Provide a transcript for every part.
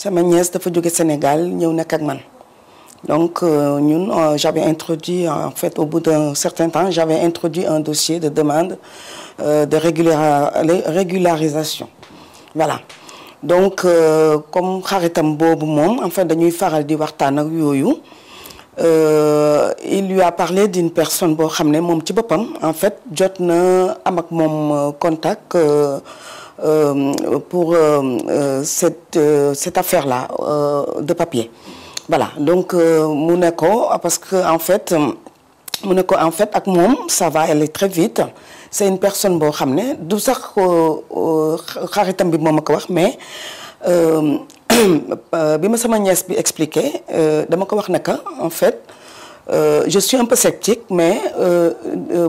C'est ma nièce de jóge Sénégal nous nak ak man donc euh, ñun euh, j'avais introduit en fait au bout d'un certain temps j'avais introduit un dossier de demande euh, de régularisation voilà donc comme xaritam bobu mom en fait dañuy faral di waxtan ak euh, il lui a parlé d'une personne bo xamné mom ci en fait Jotna am ak mom contact euh, pour euh, euh, cette, cette affaire-là de papier. Voilà, donc Monaco, parce que en fait, Monaco, en fait, avec moi, ça va aller très vite. C'est une personne, bon, ramener d'où ça, xaritam bi mais bi ma sama nièce expliqué dama en fait euh, je suis un peu sceptique mais euh, euh,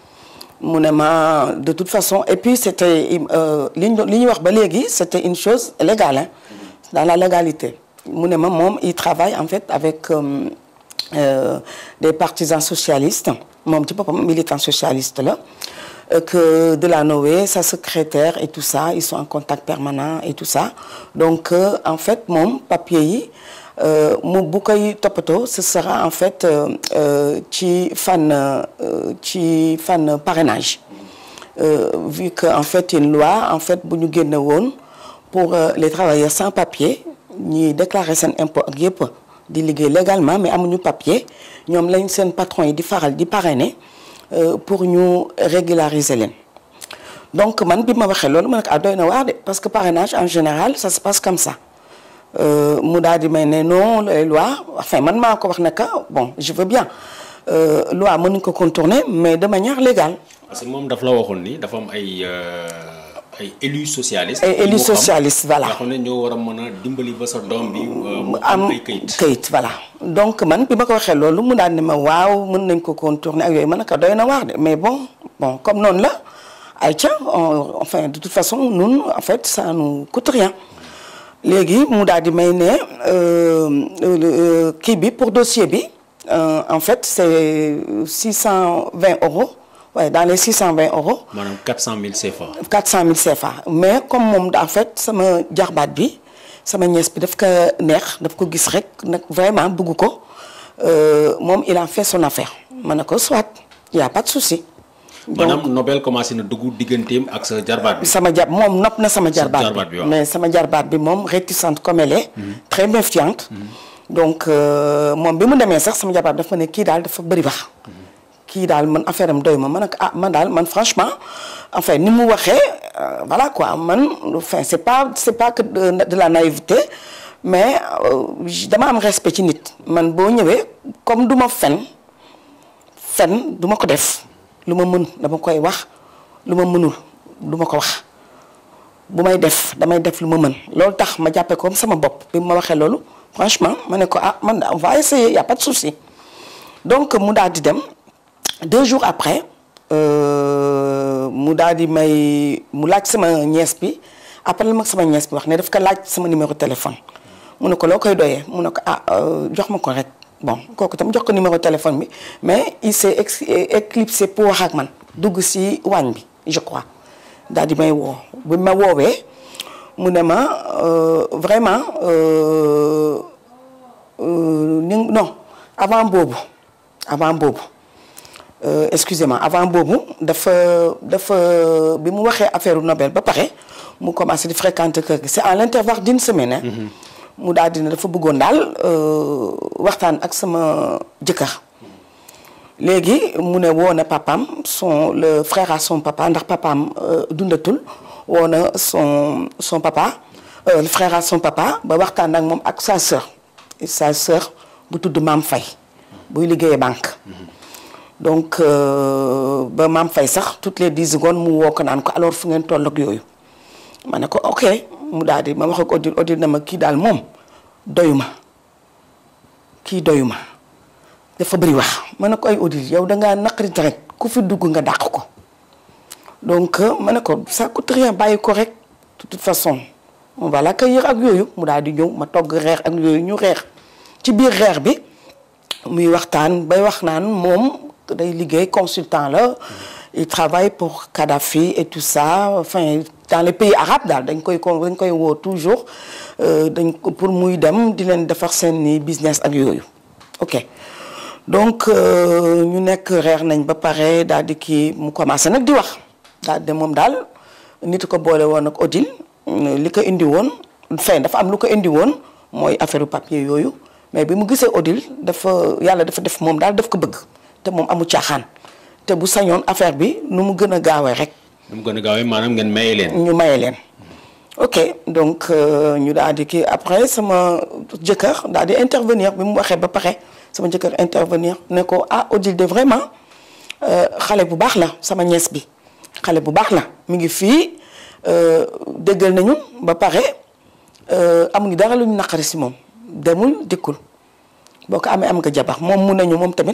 mu de toute façon et puis c'était euh, c'était une chose légale hein. dans la légalité mu ne il travaille en fait avec euh, euh, des partisans socialistes un petit peu militant socialiste là que de la Noé sa secrétaire et tout ça ils sont en contact permanent et tout ça donc en fait mon papier mon bouquet de ce sera en fait euh, euh, ci fan euh, ci fan parrainage vu qu'en en fait une loi en fait pour les travailleurs sans papier ni déclarer son impôt qui légalement di légalement mais amuñu papier une lañ seen patron et di faral di pour nous régulariser donc man ma ne ah, parce que parrainage en général ça se passe comme ça euh, mu daal may non les lois enfin man encore ko wax naka bon je veux bien euh, loi mën nañ ko contourner mais de manière légale. parce que moom daf la waxoon ni dafa am ay. Euh, ay élus socialistes. élus socialistes voilà. nga xam ne ñoo war a a voilà. donc man bi ma ko waxee loolu mu daan ne ma waaw ko contourner ak yooyu man naka doy mais bon bon comme non la ay ca enfin de toute façon nous en fait ça nous coûte rien. Les gens qui ont may que euh, euh, le euh, pour dossier bi en fait c'est 620 euros ouais, dans les 620 euros. Madame 400 000 CFA. 400 000 CFA mais comme mon en fait sama jarbaat bi sama un bi daf ko neex daf ko gis rek vraiment bëgg ko il a fait son affaire. Il n'y il a pas de souci manam Nobel commencé na dugg digganteem ak sa jarbaat bi. sama jar moom nopp na sama jarbaat bi mais sama jarbaat bi moom réticente comme elle est. Mhm. très méfiante. Mhm. donc euh, moom bi mu demee sax sama jarbaat dafa ne kii daal dafa bëri wax. Mhm. kii daal man affaire am doy ma man ak ah man daal man franchement enfin ni mu waxee euh, voilà quoi man enfin c'est pas c'est pas que de la naïveté mais euh, dama am respect ci nit man boo ñëwee comme du ma fen fen du ma ko def luma mën dama koy wax luma mënul duma ko wax bu may def damay def luma ma mën loolu tax ma jàppee ko sama bopp bi ma waxee loolu franchement ma ne ko ah man on va essayer y a pas de souci donc mu daal di dem deux jours après euh, mu daal di may mu laaj sama ñees bi après ma sama ñees bi wax ne daf ko laaj sama numéro téléphone mu ne ko loo koy doyee mu ne ko ah euh, jox ma ko rek bon kooku tam jox le numéro de téléphone mais il s'est éclipsé pour Hagman. ak je crois euh, vraiment euh, euh, non avant Bobo, avant Bobo. excusez-moi avant Bobo, dafa dafa c'est à l'intervalle d'une semaine. Hein. Mm-hmm mu daal dina dafa bëggoon daal euh, waxtaan ak sama jëkkër léegi mu ne woo na papaam son le frère à son papa ndax papaam euh, dundatul woo na son son papa euh, le frère à son papa ba waxtaan ak moom ak sa sœur sa sœur bu tudd Maam fay buy liggéeyee banque donc ba Maam fay sax toutes les dix secondes mu woo ko naan ko alors fu ngeen toll ak yooyu ma ne ko ok mu daal di ma wax ak Odile Odile na ma kii daal moom doyuma qui doyuma dafa bari wax manako ay audil yow nga rek ku fi nga donc manako ne ça coûte rien correct. de toute façon on va l'accueillir ak mu dal di ma consultant il travaille pour Kadhafi et tout ça enfin dans les pays arabes daal dañ koy ko dañ koy woo toujours euh, pour muy dem di leen defar business ak ok donc euh, ñu nekk reer nañ ba pare daal di kii mu commencé nag di wax daal de moom daal nit ko boole woon ak Enfin, li ko indi woon fin dafa am luko indi won moy affaire papier yoyu mais bi mu gisee Odile dafa yalla dafa def mom dal daf ko bëgg te mom amu caaxaan te bu nous affaire bi nu mu rek. nu mu ngeen ñu ok donc euh, ñu après sama intervenir bi mu waxé ba paré sama intervenir né ko ah, vraiment euh, xalé bu bax la sama bi xalé bu vous la mi ngi euh déggal nañu ba euh, amuñu dara lu ñu demul dikul boko am nga mom mu nañu mom tamit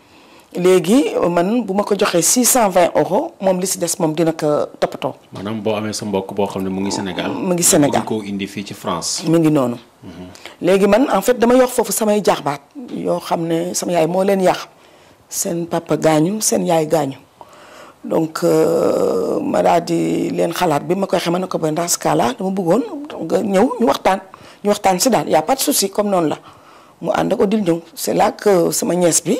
léegi man buma ko joxé 620 cent vingt euros moom li ci dess mom dina ko topato manam bo amé sa mbokk bo xamné mu ngi Sénégal. mu ngi Sénégal ko indi fi ci France. mu ngi noonu. Mhm. légui man en fait dama yox fofu samay jaxbat yo xamné sama yaay mo len yax sen papa gañu sen yaay gañu donc euh, ma daal di leen xalaat bima koy xamal ne ko ba dans cas là dama bëggone nga ñew ñu waxtaan ñu waxtaan ci daal y' a pas de souci comme non la mu and ko dil ñew c'est là que sama ñess bi.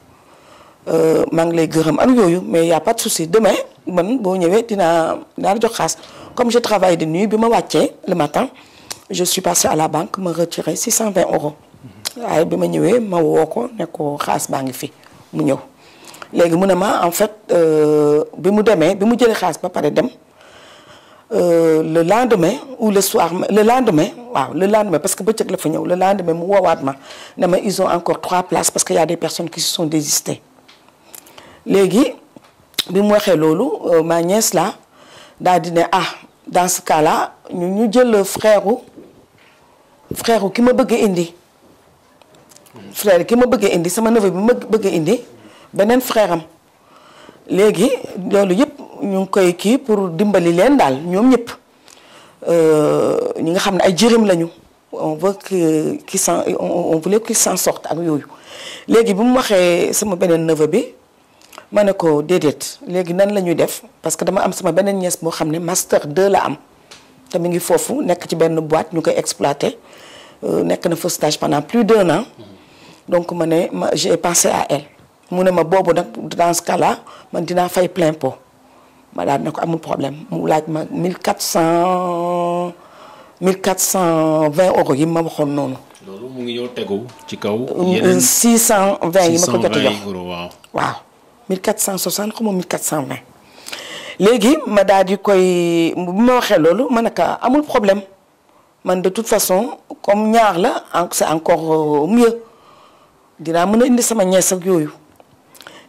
Euh, maa ngi lay gërëm mais y' a pas de souci demain man bon ñëwee dina dinaa jox xaas comme je travaille de nuit bima ma le matin je suis passé à la banque me retirer 620 euros waaye bi ma ñëwee ma woo ko ne ko xaas baa ngi fi mu ñëw. léegi mu ne ma en fait euh, mu demee bi mu jëlee ba dem euh, le lendemain ou le soir le lendemain waaw le lendemain parce que bëccëg la fa le lendemain mu woowaat ma ils ont encore trois places parce que y' a des personnes qui se sont désistées léegi bi mu waxee loolu euh, ma nièce la daal di ne ah dans ce cas là ñu ñu jël frère frère ki ma bëgg indi frère ki ma bëgg indi sama neveu bi ma bëgg indi benen frère am léegi loolu yépp ñu koy ki pour dimbali len dal ñom ñëpp euh ñi nga xamné ay jërim lañu on veut que qui s'en on voulait qu'il s'en sorte ak yoyu léegi bi mu waxé sama benen neveu bi ma ne ko déedéet léegi nan la def parce que dama am sama benen ñees boo xamné master 2 la am té mi ngi fofu nek ci benn boîte ñu koy exploité euh, nek na feu stage pendant plus d'un an donc mané j'ai pensé à elle mu ne ma bobu nak dans ce cas là man dina fay plein pot ma daal ne ko amul problème mu laaj ma 1400 1420 euros yi ma waxon noonu. lolu mu ngi ñew tegu ci kaw. Euh, yeneen 620 yi ma ko jot jox waaw. 1460 comme 1420 léegi ma daal di koy bu ma lolou manaka. amul problème man de toute façon comme ñaar la c'est encore euh, mieux dina mën indi sama ñess ak yoyu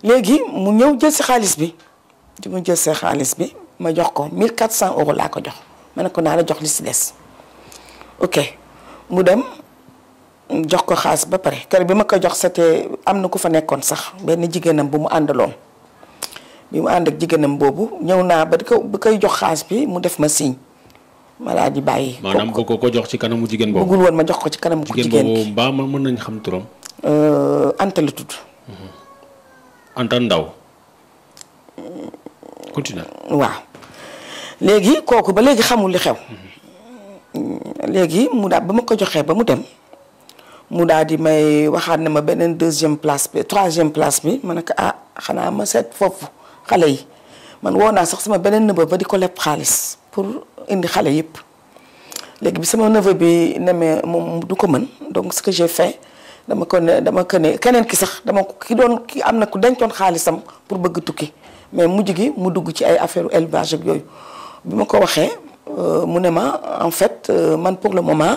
légui mu ñëw jël ci xaliss bi di mu jël ci xaliss bi ma jox ko 1400 euros laa ko jox ma na la jox li ci dess ok mu dem. jox ko xaas ba pare kër bi ma ko jox c'était am na ku fa nekkoon sax benn jigéenam bu mu àndaloon bi mu ànd ak jigéenam boobu ñëw naa ba di ko ba koy jox xaas bi mu def ma signe ma laa bàyyi. maanaam bu ko ko jox ci kanamu jigéen boobu bëggul woon ma jox ko ci kanamu. jigéen boobu mbaa ma mën nañ xam turam. Euh, Anta la tudd. Mm-hmm. Anta Ndaw. continue. waaw léegi kooku ba léegi xamul li xew. Mm-hmm. Mm, léegi mu daal ba ma ko joxee ba mu dem. mu daal di may waxaat ne ma beneen deuxième place bi troisième place bi ma na ko ah xanaa ma seet foofu xale yi man woo naa sax sama beneen neveu ba di ko leb xaalis pour indi xale yëpp léegi bi sama neveu bi nemee moom du ko mën donc ce que j'ai fait dama ko ne dama ko ne keneen ki sax dama ko ki doon ki am na ku dencoon xaalisam pour bëgg tukki mais mujj gi mu dugg ci ay affaire élevage ak yooyu bi ma ko waxee euh, mu ne ma en fait euh, man pour le moment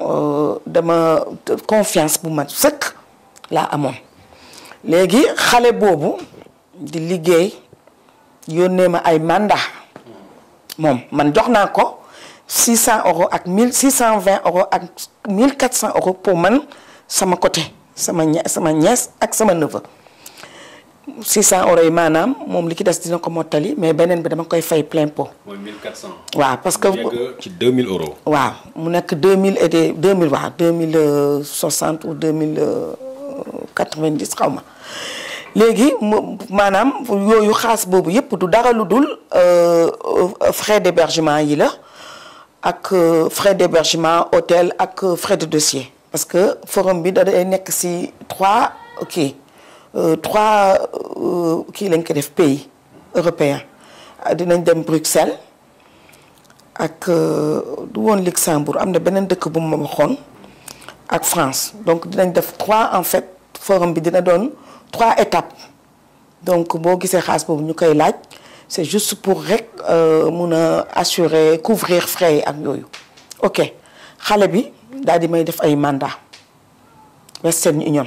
Euh, dama euh, confiance pour mat sëkk là amoon léegi xale boobu di liggéey yonne ma ay mandat moom man jox naa ko 600 euros ak 1000 620 euros ak 1400 euros pour moi man sama côté sama m'a sama ñees ak m'a neveu 600 euros manam mom li mais benen bi dama koy fay plein pot. Oui, 1400. waaw parce que ci 2000 euros. waaw mu nek 2000 et 2000 waaw 2060 euh, ou 2090 euh, xawma ma manam maanaam du dara euh, frais d'hébergement yi la ak frais d'hébergement hôtel ak frais de dossier parce que forum bi da day nek ci trois euh, trois qui euh, lañ ko def pays européen euh, dinañ dem Bruxelles ak du woon Luxembourg am na beneen dëkk bu ma waxoon ak France donc dinañ def trois en fait forum bi dina donne trois étapes donc boo gisee xaalis boobu ñu koy c'est juste pour rek mun assurer couvrir frais yi ak yooyu ok xale bi daal di may def ay mandat Western Union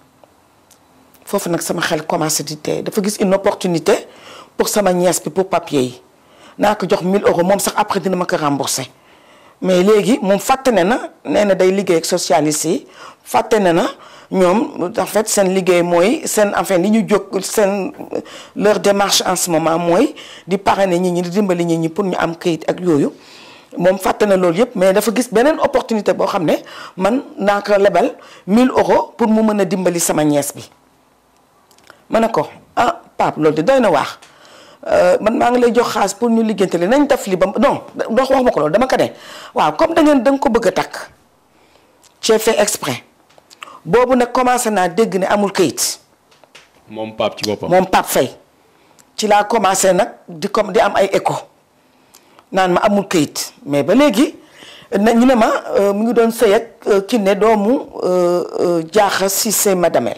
fofu nak sama xel commencé di tey dafa gis une opportunité pour sama nièce bi pour papier yi naa jox 1000 euros mom sax après dina ma ko remboursé mais légui mom fàtte na néna day liggéey ak socialiste yi fàtte na ñom en fait sen liggéey moy sen enfin li ñu jóg sen leur démarche en ce moment moy di parrainer ñi ñi di dimbali ñi ñi pour ñu am kayit ak yoyu mom fàtte na loolu yëpp mais dafa gis benen opportunité bo xamné man nak ko lebal 1000 euros pour mu meuna dimbali sama nièce bi ma ne ko ah Pape loolu de doy na waax euh, man maa ngi lay jox xaas pour ñu liggéeyanteel nañ def li ba non wax wax ma ko loolu dama ko ne waaw comme dangeen danga ko bëgg a takk c'est fait exprès boobu nag commencé naa dégg ne amul kayit. moom Pape ci moom Pape Faye ci laa commencé nag di comme di am ay écho naan ma amul kayit mais ba léegi na ne ma euh, mu ngi doon sëy ak euh, ki ne doomu jaaxa si ma madamel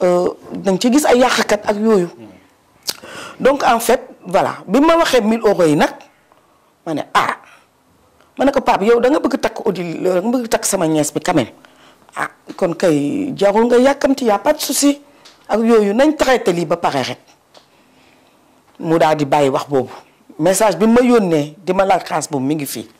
Euh, da nga ci gis ay yàqkat ak yooyu donc en fait voilà bi ma waxee 1000 euros yi nag ma ne ah ma ne ko Pape yow da nga bëgg takk Odile da bëgg takk sama ñees bi quand même ah kon kay jarul nga yàkkamti y a pas ak yooyu nañ traité lii ba pare rek mu daal di bàyyi wax boobu message bi ma yónnee di ma laaj xaalis boobu mi ngi fii.